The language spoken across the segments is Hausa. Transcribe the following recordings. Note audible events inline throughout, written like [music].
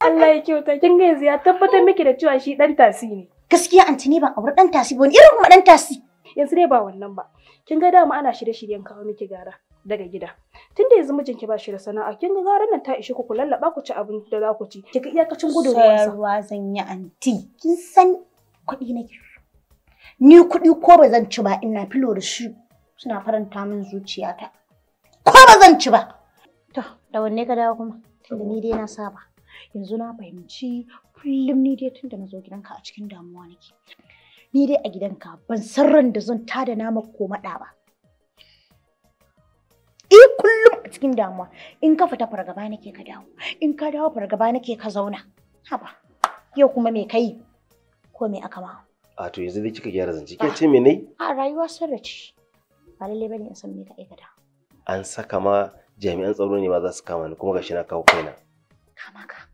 Allah ya kyauta kin ga yanzu ya tabbatar miki da cewa shi dan tasi ne. Gaskiya anti ne ban aure dan tasi ba ne irin kuma dan tasi. Yanzu dai ba wannan ba. Kin ga dama ana shirye-shiryen kawo miki gara daga gida. Tunda yanzu mijinki ba shi da sana'a kin ga garan nan ta ishe ku ku lallaba ku ci abin da za ku ci. Kika iyakacin gudun ruwa. Ruwa zan yi anti. Kin san kuɗi na Ni kuɗi ko ba zan ci ba ina filo da shi suna faranta min zuciyata. Ko ba zan ci ba. To, da wanne ka dawo kuma? Tunda ni dai na saba. yanzu na fahimci kullum ni dai tunda na zo gidanka a cikin damuwa nake ni dai a gidanka ban san ran da zan tada nama ko maɗa ba eh kullum a cikin damuwa in ka fita fargaba nake ka dawo in ka dawo fargaba nake ka zauna haba yau kuma me kai ko me aka ma a to yanzu dai kika gyara zance ke ce me ne? a rayuwa sarrace ba lalle bane in san me ka aikata an saka ma jami'an tsaro ne ma za su kama ni kuma gashi na kawo kaina kama ka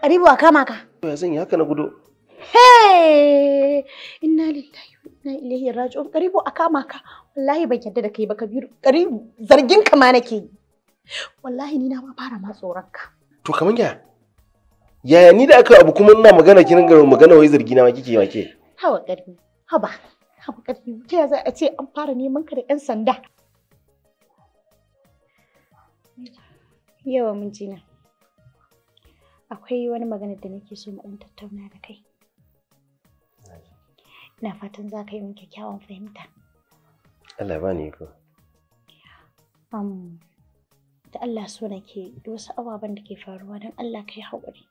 Karibu a kama ka. Ya zan yi haka na gudu. Hey! Inna lillahi wa inna ilaihi raji'un. Karibu a kama ka. Wallahi ban yarda da kai ba Kabiru. Karibu zargin ka ma nake yi. Wallahi ni na ma fara ma tsoron ka. To kaman ya? Yaya ni da aka abu kuma ina magana kin ga magana wai zargi na ma kike ma ke? Hawa Karibu. Haba. Hawa Karibu. Ta za a ce an fara neman ka da 'yan sanda? Yawa mun jina. akwai wani magana da nake so mu ɗan tattauna da kai. Ina fatan za ka yi min kyakkyawan fahimta. Allah ba ni ko. Um, da Allah so nake da wasu ababen da ke faruwa don Allah ka yi haƙuri.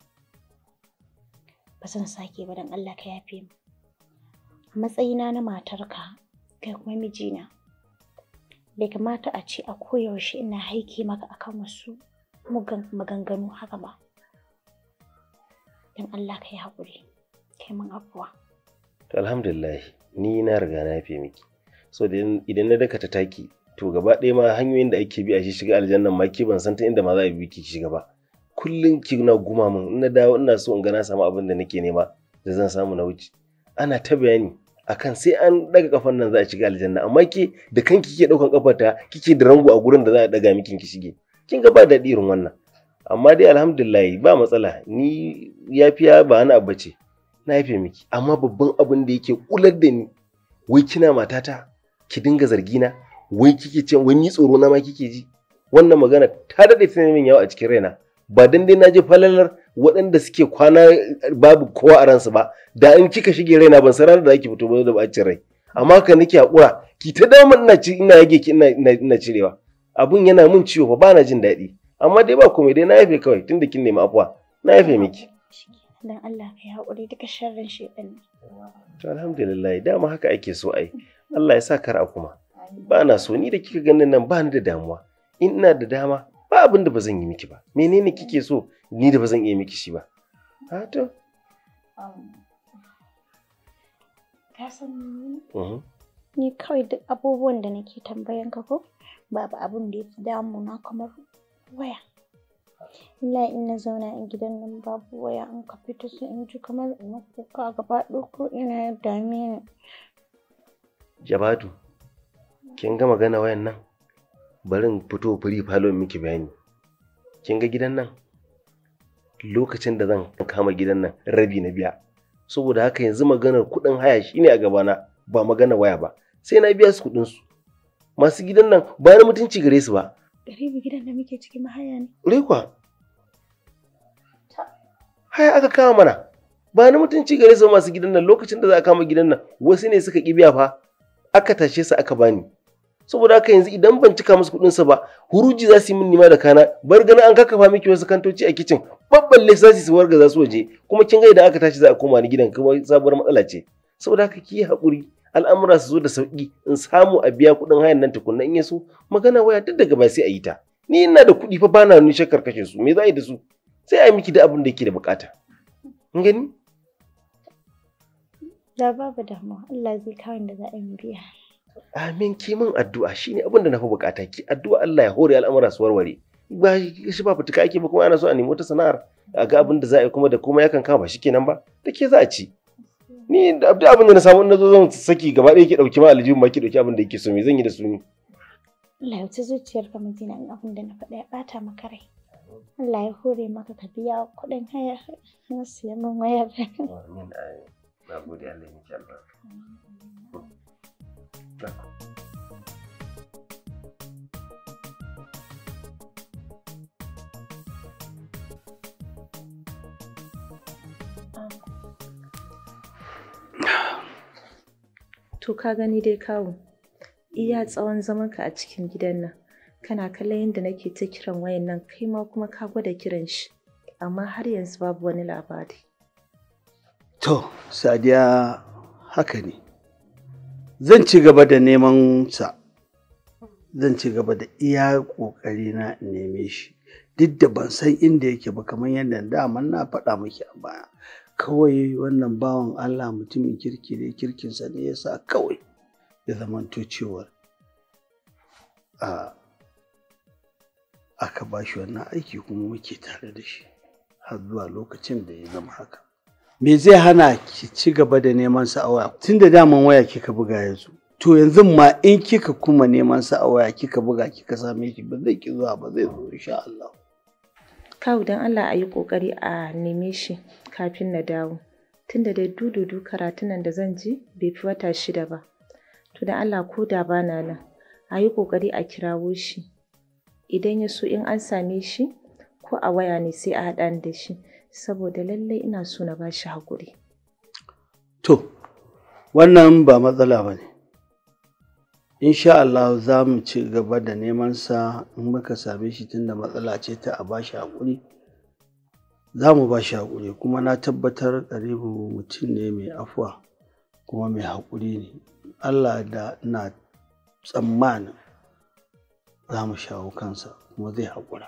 Ba zan sake ba don Allah ka yafe mu. matsayina na matarka kai kuma mijina. Bai kamata a ce a koyaushe ina haike maka akan wasu mugan maganganu haka ba. don Allah ka yi haƙuri kai mun afuwa alhamdulillah ni na riga na yafe miki so idan na dakata ta taki to gaba ɗaya ma hanyoyin da ake bi a shi shiga aljanna ma ke ban san ta inda ma za a bi ki shiga ba kullum ki na guma min in na dawo ina so in ga na samu abin da nake nema da zan samu na wuce ana ta bayani akan sai an daga kafan nan za a shiga aljanna amma ke da kanki kike daukan kafarta kike da rango a gurin da za a daga miki ki shige kin ga ba daɗi irin wannan amma dai alhamdulillah ba matsala ni yafiya ba hana Abba ce na haife miki amma babban abin da yake kular da ni wai kina matata ki dinga zargina wai kike ce wai ni tsoro na ma kike ji wannan magana ta dade ta min yawa a cikin raina ba dan dai naji falalar waɗanda suke kwana babu kowa a ransu ba da in kika shige raina ban san da zaki fito ba da bacin rai amma ka nake hakura ki ta dama ina ina yage ki ina cirewa abun yana mun ciwo fa bana jin daɗi amma dai ba komai dai na yafe kawai tunda kin nemi afuwa na yafe miki dan Allah ka yi haƙuri duka sharrin shedan to alhamdulillah dama haka ake so ai Allah ya sa kar a kuma ba na so ni da kika ganin nan ba ni da damuwa in ina da dama ba abin da ba zan yi miki ba menene kike so ni da ba zan iya miki shi ba ha to um, ka san mm-hmm. ni kawai duk abubuwan da nake tambayan ka ko babu abin da ya fi na kamar waya wallahi ina zauna a gidan nan babu waya an ka fito sai in ji kamar in kuka gaba ko ina dame ni jabatu kin ga magana wayan nan bari in fito firi falo miki bayani kin ga gidan nan lokacin da zan kama gidan nan rabi na biya saboda haka yanzu maganar kuɗin haya shine a gabana ba magana waya ba sai na biya su kuɗin su masu gidan nan ba na mutunci gare su ba Garibi gidan da muke cikin mahaya ne. Rekwa. Haya aka kama mana. Ba ni mutunci gare su masu gidan nan lokacin da za a kama gidan nan wasu ne suka biya fa aka tashe su aka bani. Saboda haka yanzu idan ban cika musu kuɗin sa ba huruji za su yi min nima da kana bar ganin an kakkafa miki wasu kantoci a kicin babballe za su warga za su waje kuma kin ga idan aka tashi za a koma ni gidan kuma sabuwar matsala ce. Saboda haka ki yi haƙuri. al'amura su zo da sauki in samu a biya kuɗin hayan nan tukunna in ya so magana waya duk daga ba sai a yi ta ni ina da kuɗi fa bana ni shakkar kashe su me za a yi da su sai a yi miki da abin da yake da bukata in gani da babu damuwa Allah zai kawo da za a yi biya amin ki min addu'a shine abin da na fi bukata ki addu'a Allah ya hore al'amura su warware ba shi ba fituka ake ba kuma ana so a nemi wata sana'ar a ga abin da za a yi kuma da kuma yakan kama ba shi shikenan ba da za a ci ni da abin da na samu na zo zan saki gaba ɗaya ki dauki ma aljihun ma ki dauki abin da yake so me zan yi da su ni. Allah ya zuciyar ka mijina in abin da na faɗa ya bata maka rai. Allah ya hore maka ka biya kuɗin haya na siya min wayar. Amin amin. Na gode Allah ya To ka gani dai kawo, iya tsawon zamanka a cikin gidan nan, kana kallon yadda nake ta kiran wayan nan kai ma kuma ka gwada kiran shi, amma har yanzu babu wani labari. To, Sadiya haka ne. Zan ci gaba da neman sa, zan ci gaba da iya kokari na neme shi, duk da ban san inda yake ba kamar yadda daman na faɗa miki a baya. kawai wannan bawan Allah mutumin kirki ne kirkinsa ne ya sa kawai ya zamanto cewar a aka ba shi wannan aiki kuma muke tare da shi har zuwa lokacin da ya zama haka me zai hana ki ci gaba da neman sa a waya tun da daman waya kika buga yanzu to yanzu ma in kika kuma neman sa a waya kika buga kika same shi ba zai ki zuwa ba zai zo insha Allah Kawai dan Allah a yi kokari a neme shi kafin na dawo tunda dai dududu karatunan da zan ji bai fi wata shida ba to da Allah ko da bana na nan a yi ƙoƙari a kirawo shi idan ya so in an same shi ko a waya ne sai a haɗa ni da shi saboda lallai ina so na ba shi haƙuri. To, wannan ba matsala ba ne. Insha Allah za mu ci gaba da neman sa in muka same shi tunda matsala ce ta a ba shi haƙuri. za mu ba shi haƙuri kuma na tabbatar ɗaribu mutum ne mai afuwa kuma mai haƙuri ne allah da na tsammanin za mu shawo kansa kuma zai haƙura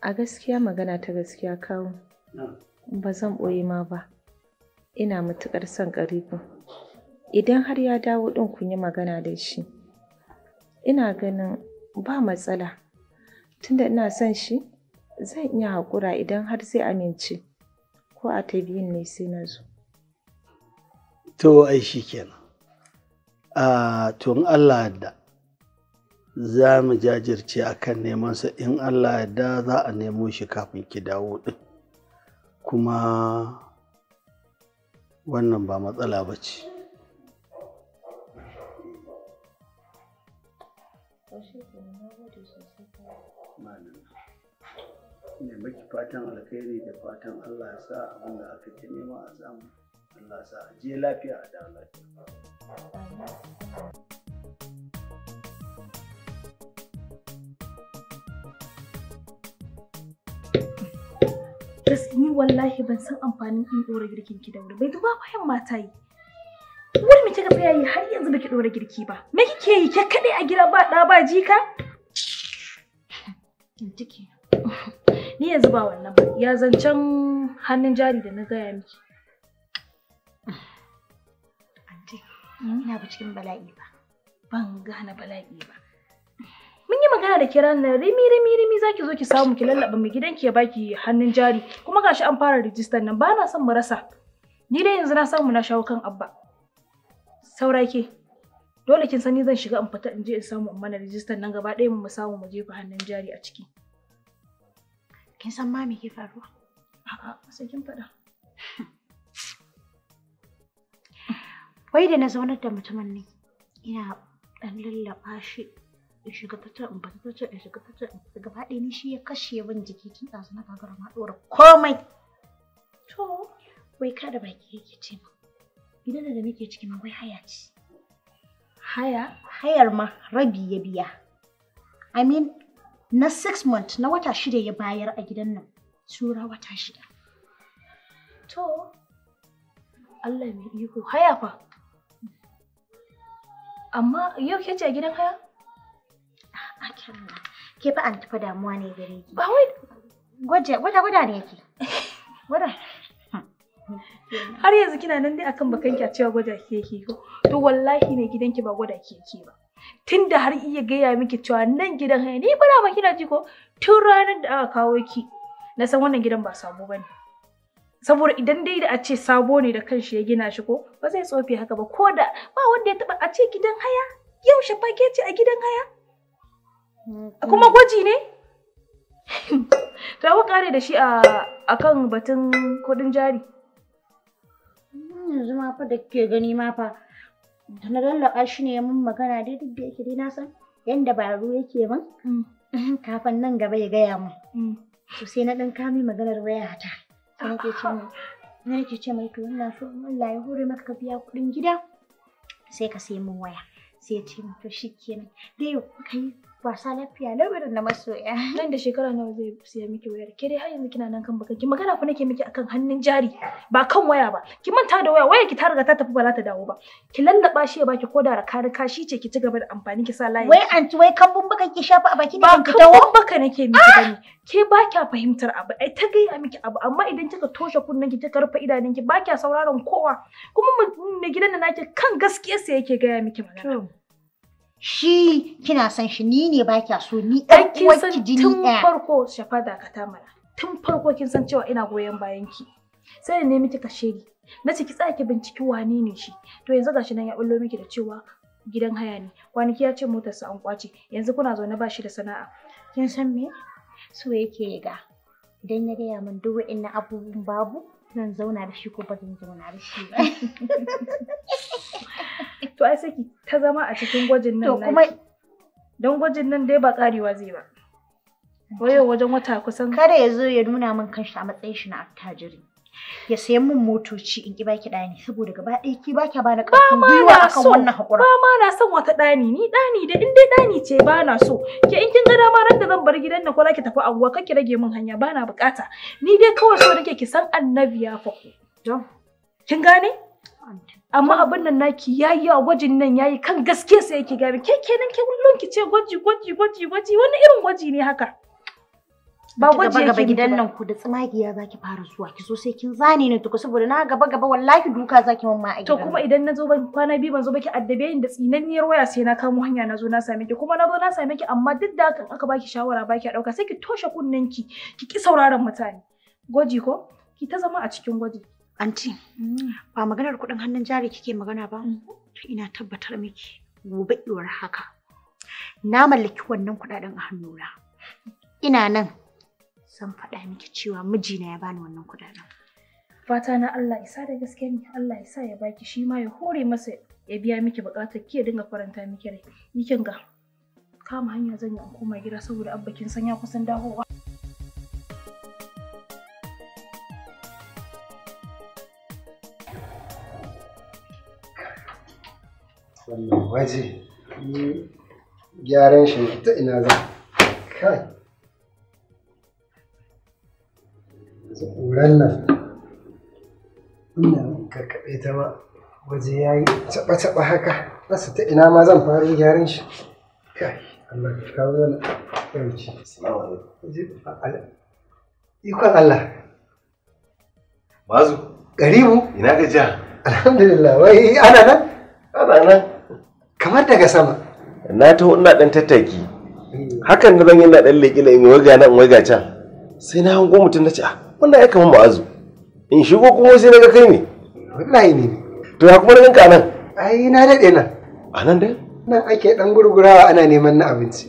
a gaskiya magana ta gaskiya kawo ba zan ɓoye ma ba ina matuƙar son ƙaribu idan har ya dawo ɗin kun yi magana da shi ina ganin ba matsala tunda ina son shi zan iya haƙura idan har zai amince ko a ta biyun ne sai na zo to ai shi kenan a tun allah da za mu jajirce a kan nemansa in allah da za a nemo shi kafin ki dawo ɗin kuma wannan ba matsala ba ce ne maki fatan alkhairi da fatan Allah ya sa abin da aka ci nema a samu Allah sa a je lafiya a da lafiya. ni wallahi ban san amfanin in dora girkin ki da wuri bai duba bayan mata yi wani kika ga yi har yanzu baki dora girki ba me kike yi ke kade a gida ba da ba jika ni yanzu ba wannan ba ya zancen hannun jari da na gaya miki anti ina ba cikin bala'i ba ban gane bala'i ba mun yi magana da kiran nan rimi rimi rimi zaki zo ki samu ki lallaba mai gidanki ya baki hannun jari kuma gashi an fara rijistar nan ba na son mu rasa ni dai yanzu na samu na shawo kan abba saura dole kin sani zan shiga in fita in je in samu in mana rijistar nan gaba ɗaya mu samu mu jefa hannun jari a ciki Kin san ma me ke faruwa? A'a, sai kin faɗa. Wai da na zaunar da mutumin ne, ina ɗan lallaɓa shi ya shiga ta in fita ta ya shiga ta in gaba ɗaya ni shi ya kashe yawan jiki tun ɗazu na gagara ma ɗora komai. To, wai kada baki yake ce ma. Gidan da nake ciki ma wai haya ce. Haya? Hayar ma rabi ya biya. I mean na six month na wata shida ya bayar a gidan nan sura wata shida to Allah mai iko haya fa amma yau ke ce a gidan haya a kyalla ke fa an tafi damuwa ne gare ki ba wai gwaje gwada gwada ne yake gwada [laughs] har yanzu kina nan dai akan bakanki a cewa gwada ke ke to wallahi ne gidanki ba gwada ke ke ba tunda har iya gaya miki cewa nan gidan haya ni ba ba kina ji ko tun ranar da aka kawo ki na san wannan gidan ba sabo bane saboda idan dai da a ce sabo ne da kanshi ya gina shi ko ba zai tsofe haka ba ko da ba wanda ya taba a ce gidan haya yau shafake ce a gidan haya kuma gwaji ne [laughs] ta kare da shi a akan batun kudin jari mm, yanzu ma fa da ke gani ma fa na lallaka shi ne mun magana dai duk da yake dai na san yanda baro yake min mm. [laughs] kafin nan gaba ya gaya min mm. to sai na dan kame maganar wayata sai nake mai na [laughs] nake ce mai to ina so Allah ya hore maka ka biya kuɗin gida sai ka sai mun waya sai ya ce to shikenan dai kai wasa lafiya lau irin na masoya. [laughs] Nan da shekara nawa zai siya miki wayar? Ke dai har yanzu kina nan kan baka. Ki magana ku nake miki akan hannun jari ba kan waya ba. Ki manta da waya, waya ki ta riga ta tafi ba za ta dawo ba. Ki lallaba shi ya baki ko da raka raka shi ce ki ci gaba da amfani ki sa layi. Wai anti wai kambun baka ki shafa a baki ne ban fitawo? Ba kambun baka nake miki ah! bane. Ke ba kya fahimtar abu. Ai ta gaya miki abu amma idan kika toshe kunnen ki kika rufe idanun ki ba kya sauraron kowa. Kuma mai gidan da nake kan gaskiyarsa yake gaya miki magana. shi kina san shi ni ne ba kya so ni ɗan uwarki jini ɗaya. Tun farko shafa dakata mana. Tun farko kin san cewa ina goyon bayan ki. Sai da nemi kika shiri. Na ce ki tsaya binciki wane ne shi. To yanzu gashi nan ya bullo miki da cewa gidan haya ne. Kwanaki ya ce motarsa an kwace. Yanzu kuna zaune ba shi da sana'a. Kin san me? So yake ga. Idan ya gaya min duk wa'innan abubuwan babu zan zauna da shi ko ba zan zauna da shi ba. [laughs] to ai sai ta zama a cikin gwajin nan to kuma don gwajin nan dai ba karewa zai ba wayo wajen wata kusan kada ya zo ya nuna min kanshi a matsayin shi na attajiri ya sayan min motoci in ki baki ɗani saboda gaba ɗaya ki baki ba na ƙarfin gwiwa akan wannan haƙura. Ba ma na son wata ɗani ni ɗani da in dai ɗani ce ba na so ke in kin ga dama ran da zan bar gidan nan ko za ki tafi anguwa kar ki rage min hanya ba na buƙata ni dai kawai so nake ki san annabi ya faku. Kin gane? amma abin nan naki yayi a gwajin nan yayi kan gaske sai yake gabe ke kenan ke kullun ki ce gwaji gwaji gwaji gwaji wani irin gwaji ne haka ba gwaji yake gaba gidan nan ku da tsumagiya zaki fara zuwa ki so sai kin zane ni tuku saboda na gaba gaba wallahi duka zaki mamma a gidan to kuma idan na zo ban kwana biyu ban zo ba ki addabe yin da tsinanniyar waya sai na kamo hanya na zo na same ki kuma na zo na same ki amma duk da haka aka baki shawara baki a dauka sai ki toshe kunnen ki ki ki sauraron mutane gwaji ko ki ta zama a cikin gwaji Anti, mm. ba maganar kuɗin hannun jari kike magana ba? Mm. Ina tabbatar miki gobe iwar haka. Na mallaki wannan kudaden a hannuna. Ina nan zan faɗa miki cewa mijina ya bani wannan kudaden. Fata na Allah isa da gaske ne Allah isa ya baki shi ma ya hore masa ya biya miki bukatar ki ya dinga faranta miki rai. Ni ga kama hanya zan yi in koma gida saboda abbakin sanya san ya kusan dawowa. wannan waje gyaran shi ta ina za kai su ƙuran nan ina karkaɗe ta ba waje ya yi Taɓa-taɓa haka nasu ta ina ma zan fara gyaran shi kai Allah ka kawo wani ɗauki ikon Allah mazu Garibu. ina ka gajiya alhamdulillah wai ana nan ana nan kamar daga sama na taho ina dan tattaki hakan da zan yi na dan leƙi na in ga nan, in ga can sai na hango mutum na ce ah wannan ya kamar ma'azu in shigo kuma sai na ga kai ne wallahi ne to ya kuma ranka nan ai na daɗe nan a nan dai nan ake dan gurgurawa ana neman na abinci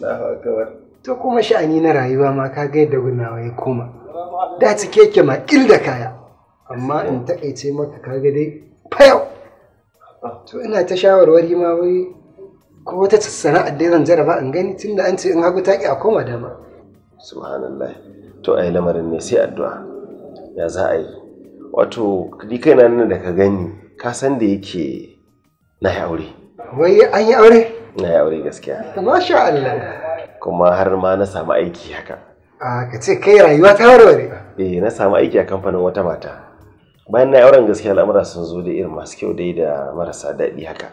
to kuma sha'ani na rayuwa ma ka ga yadda gunawa ya koma da cike ma kil da kaya amma in takaice maka ka ga dai fayau to ina ta shawarwari ma wai ko wata sana'ar dai zan jaraba in gani tun da an ce in hagu taƙi a koma dama subhanallah to ai lamarin ne sai addu'a ya za a yi wato ni na nan da ka gani ka san da yake na yi aure wai an yi aure na yi aure gaskiya masha Allah kuma har ma na samu aiki haka a ka ce kai rayuwa ta warware eh na samu aiki a kamfanin wata mata bayan na yi auren gaskiya al'amura sun zo da irin masu kyau dai da marasa daɗi haka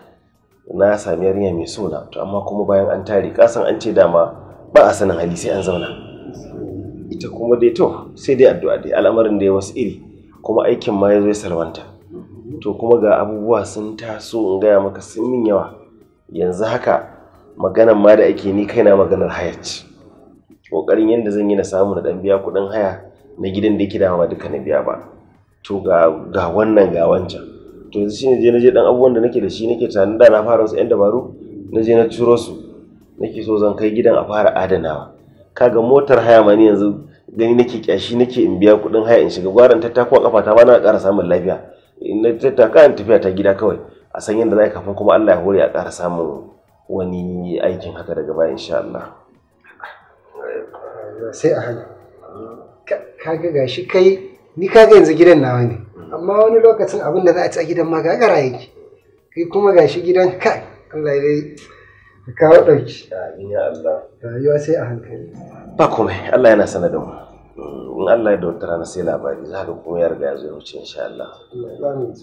na sami yarinya mai so na to amma kuma bayan an tare kasan an ce dama ba a sanin hali sai an zauna ita kuma dai to sai dai addu'a dai al'amarin da wasu iri kuma aikin ma ya zo ya salwanta to kuma ga abubuwa sun taso in gaya maka sun min yawa yanzu haka maganan ma da ake ni kaina maganar haya ce kokarin yadda zan yi na samu na dan biya kuɗin haya na gidan da yake dama duka na biya ba to ga wannan ga wancan to yanzu shine je na je dan abubuwan da nake da shi nake tunanin da na fara wasu yan dabaru na je na ciro su nake so zan kai gidan a fara adanawa kaga motar haya ma ni yanzu gani nake kyashi nake in biya kuɗin haya in shiga gwaran tattako a kafata ba na ƙara samun lafiya in na tattaka in tafiya ta gida kawai a san yadda za kafin kuma Allah ya hore a ƙara samun wani aikin haka daga baya insha Allah sai a hanya ka ga gashi kai ni kaga yanzu gidan nawa ne amma wani lokacin abin da za a ci a gidan ma gagara yake kai kuma shi gidan kai Allah ya dai ka kawo ɗauki amin ya Allah rayuwa sai a hankali ba komai Allah yana sana da mu in Allah ya da wata rana sai labari za ka kuma ya riga ya zo ya wuce insha Allah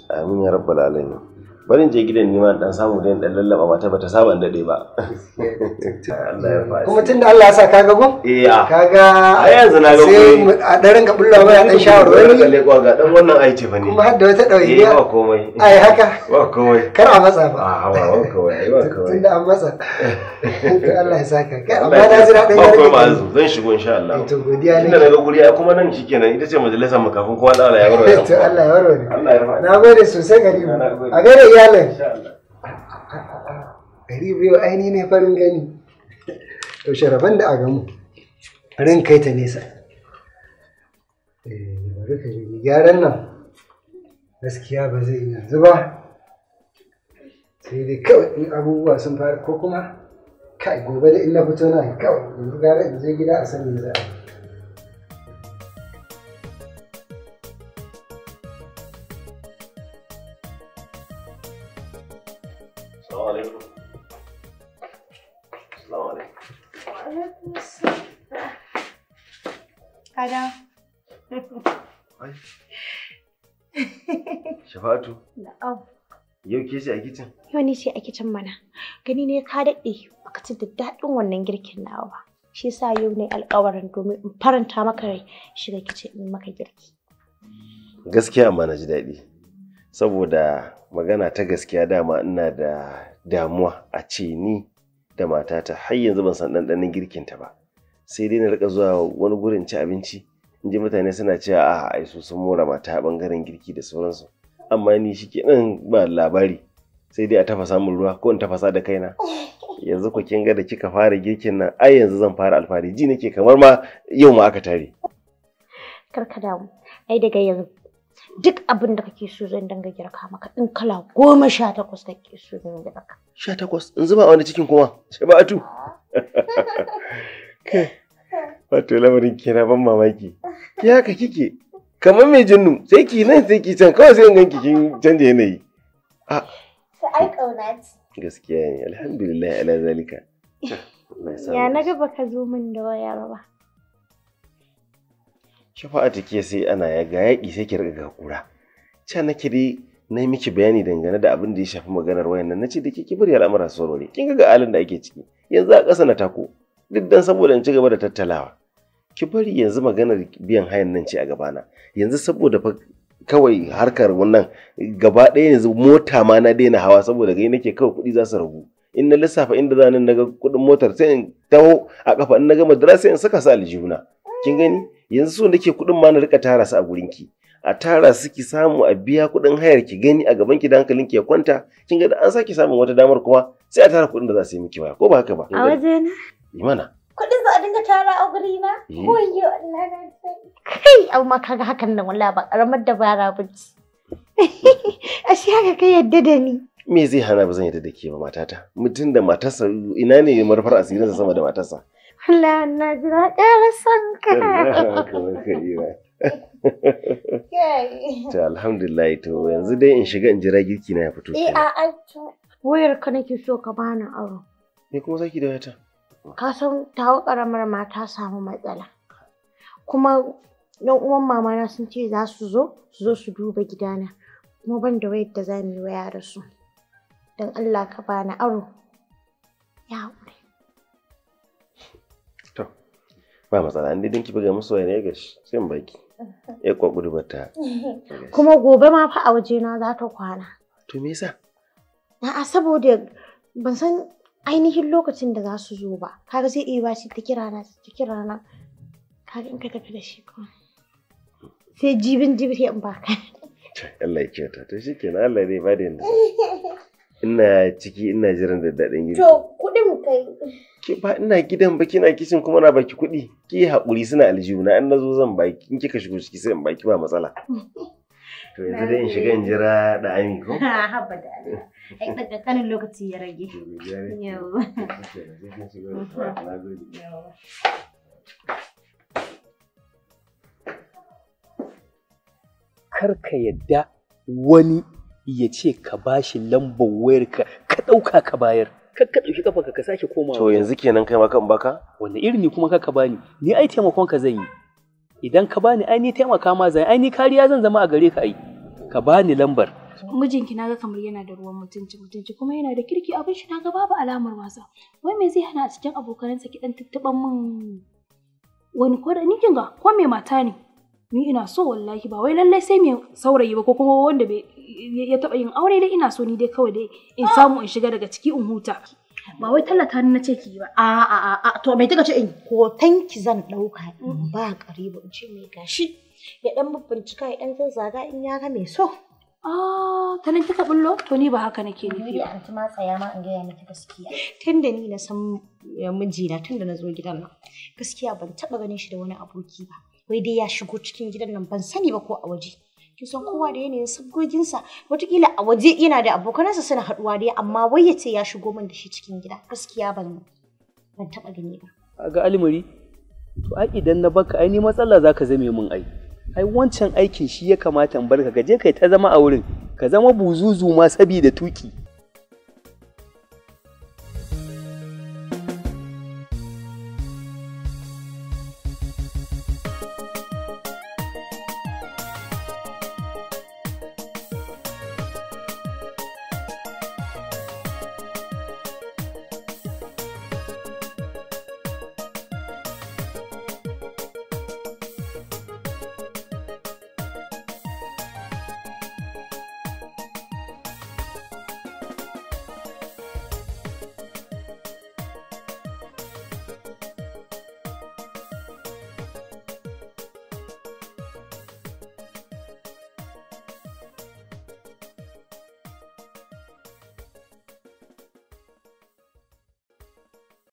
amin ya rabbal alamin barin je gidan nima dan samu da dan lallaba mata bata saba da dai ba [laughs] Allah ya fasi kuma tunda Allah ya sa eh, ah. kaga go iya kaga a yanzu na ga sai a dan ringa bulla ba dan shawarwari kalle ko ga dan wannan ai ce bane kuma har da wata dauri ne eh, ba komai ai haka [laughs] ba komai kar a matsa ba a ah, ba ba komai ai ba komai tunda an matsa [laughs] Allah ya sa ka kai amma na jira dan yarki ba ba zu zan shigo insha Allah eh, to godiya ne tunda naga guri ai kuma nan shikenan ita ce majalisar mu kafin kowa Allah ya warware to Allah ya warware Allah ya warware na gode sosai gari a gare yalan gari biyu aini ne farin gani to sharaban da a gamu ran kai ta nesa eh, bari ka gyaran nan gaskiya ba zai yi yanzu ba sai dai kawai in abubuwa sun fara ko kuma kai gobe da in na fito nan kawai yanzu gara in je gida a sanin za a yi Yau ke ce a kicin? Yau ne ce a mana. Gani ne ka daɗe baka ci da daɗin wannan girkin nawa ba. Shi yasa yau ne alƙawarin domin in faranta maka rai shiga kicin in maka girki. Gaskiya amma na ji daɗi. saboda magana ta gaskiya dama ina da damuwa a ce ni da matata har yanzu ban san ɗanɗanon girkinta ba sai dai na rika zuwa wani gurin ci abinci in ji mutane suna cewa a ai su sun mora mata a bangaren girki da sauransu amma ni shi ke nan ba labari sai dai a tafasa min ruwa ko in tafasa da kaina yanzu ku kin ga da kika fara girkin nan ai yanzu zan fara alfahari ji nake kamar ma yau ma aka tare karka damu ai daga yanzu duk abin da kake so zan dinga girka maka in kala goma sha takwas kake so zan girka. Sha takwas in zuba wani cikin kuma sai ba atu. Wato lamarin kira ban mamaki. Ki haka kike kamar mai jinnu sai ki nan sai ki can kawai sai in ganki kin canja yanayi. A. Ah. Sai ai kauna Gaskiya ne alhamdulillah ala zalika. [laughs] Ya na ga Baka zo min da waya ba. ki fa sai ana ya ga yaƙi sai ki riga kura can nake dai na yi miki bayani dangane da abin da ya shafi maganar wayan nan nace da ke ki bari al'amura su kin ga halin da ake ciki yanzu a ƙasa na tako duk dan saboda in ci gaba da tattalawa ki bari yanzu maganar biyan hayan nan ce a gabana yanzu saboda fa kawai harkar wannan gaba ɗaya yanzu mota ma na daina hawa saboda gai nake kawai kuɗi za su ragu in na lissafa inda na ga kuɗin motar sai in taho a kafa in na gama dira sai in saka su aljihuna kin gani yanzu so nake kuɗin ma na rika tara su a gurin ki a tara su ki samu a biya kuɗin hayar ki gani a gaban ki da hankalin ki ya kwanta kin ga an saki samun wata damar kuma sai a tara kuɗin da za su yi miki baya ko ba haka ba a wajena imana eh kuɗin za a dinga tara a guri na koyo eh. Allah na kai amma kaga hakan nan wallahi ba karamar dabara ba ce [laughs] shi haka kai yadda da ni me zai hana ba zan yadda da ke ba matata mutum da matarsa ina ne marfar asirinsa sama da matarsa Allah na jira ƙara son ka. Kamar alhamdulillah to yanzu dai in shiga in jira girki na ya fito. Eh a wayar ka nake so ka bani aro. Me kuma zaki da wata? Ka san tawo karamar ma ta samu matsala. Kuma yan uwan mama na sun ce za su zo su zo su duba gidana. Kuma ban da wayar da za mu yi waya da su. Don Allah ka bani aro. Ya haƙuri. ba matsala an dai ki buga musu wani ne gashi sai mu baki ya kwakudu bata [laughs] kuma gobe ma fa a waje na za ta kwana to me yasa na a saboda ban san ainihin lokacin da za su zo ba kaga sai iya bashi ta kira na ta kira na kaga in ka tafi da shi kuma sai jibin jibin ya in baka [laughs] Allah ya kiyata to shikenan Allah zai bada yanda [laughs] ina ciki ina jiran daddaɗin girki. To kuɗin kai. Ke ba ina gidan ba kina kicin kuma na baki kuɗi. Ki haƙuri suna aljihuna an nazo zan baki in kika shigo ciki sai in baki ba matsala. [laughs] To yanzu dai in shiga in jira da ami ko? Ha [laughs] Haba da Allah. Ai daga kanin lokaci ya rage. [laughs] Yau. Kar ka yadda wani ya ce ka bashi lambar wayar ka ka ɗauka ka bayar kar ka ɗauki kafa ka sake komawa to yanzu kenan kai ma kan baka wanda irin ne kuma ka bani ni ai taimakon ka zan yi idan ka bani ai ni taimaka ma zan ai ni kariya zan zama a gare ka ai ka bani lambar mijinki na ga kamar yana da ruwan mutunci mutunci kuma yana da kirki abin shi na ga babu alamar wasa wai me zai hana a cikin abokanansa ki dan tuttuban min wani ko da ni kinga ko me mata ne ni ina so wallahi ba wai lallai sai me saurayi ba ko kuma wanda bai ya taba yin aure dai ina so ni dai kawai dai in samu in shiga daga ciki in huta ba wai tallata ni nace ki ba a a a to mai ce in hoton zan dauka in ba karibu in ce mai gashi ya dan bincika ya dan zaga in ya ga mai so Ah, ta nan kika bullo? To ni ba haka nake nufi ba. an ma tsaya ma an gaya miki gaskiya. Tunda ni na san eh, na tunda na zo gidan nan. Gaskiya ban taba ganin shi da wani aboki ba. Wai dai ya shigo cikin gidan nan ban sani ba ko a waje. kisan kowa da yanayin sabgoginsa watakila a waje yana da abokanansa suna haɗuwa dai amma wai ya ce ya shigo min da shi cikin gida gaskiya ban ban taɓa gani ba A ga almari to ai idan na baka ai ni matsala zaka zame min ai ai wancan aikin shi ya kamata in barka ka je kai ta zama a wurin ka zama buzuzu ma sabida tuki